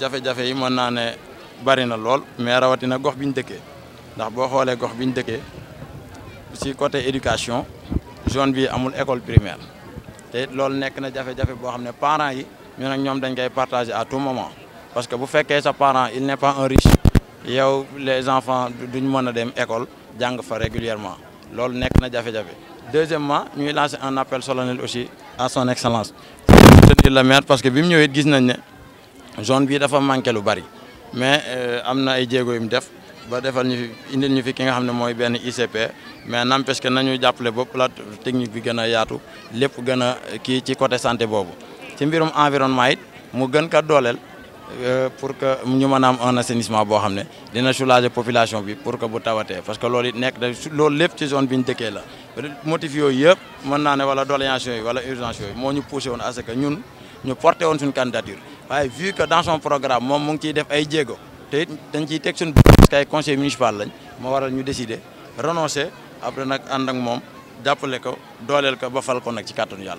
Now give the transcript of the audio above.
jafé jafé yi mën naa bari na lool mais rawatina gox bi ñu dëkkee ndax bo xolé gox bi ñu ci côté éducation jeune bi amul école primaire té loolu nek na jafé jafé bo xamné parents yi ñun ak ñom dañ koy partager à tout moment parce que bu féké sa parent il n'est pas un riche yow les enfants duñ mëna a dem école jang fa régulièrement loolu nek na jafé jafé deuxièmement ñuy lancer un appel solennel aussi à son excellence soutenir la maire parce que bi mu ñëwee gis nañ né zone bi dafa manqué lu bari mais euh, am na ay jéego yu mu def ba defal ñu fi indil ñu fi ki nga xam ne mooy benn ICP mais n'empêche que nañu jàppale ba plate technique bi gën a yaatu lépp gën a kii ci côté santé boobu ci mbirum environnement it mu gën ka dooleel euh, pour que ñu mën a am un assainissement boo xam ne dina soulager population bi pour que bu tawatee parce que lool it nekk da loolu lépp ci zone bi ñu dëkkee la motif yooyu yëpp mën naa ne wala doléance yooyu wala urgence yooyu moo ñu poussé woon à que ñun ñu porté woon suñu candidature waaye vu que dans son programme moom mu ngi ciy def ay jéego te it dañ ciy teg suñu parce que conseil municipal lañ moo waral ñu décider renoncer après nag ànd ak moom jàppale ko dooleel ko ba fal ko nag ci kàttanu yàlla.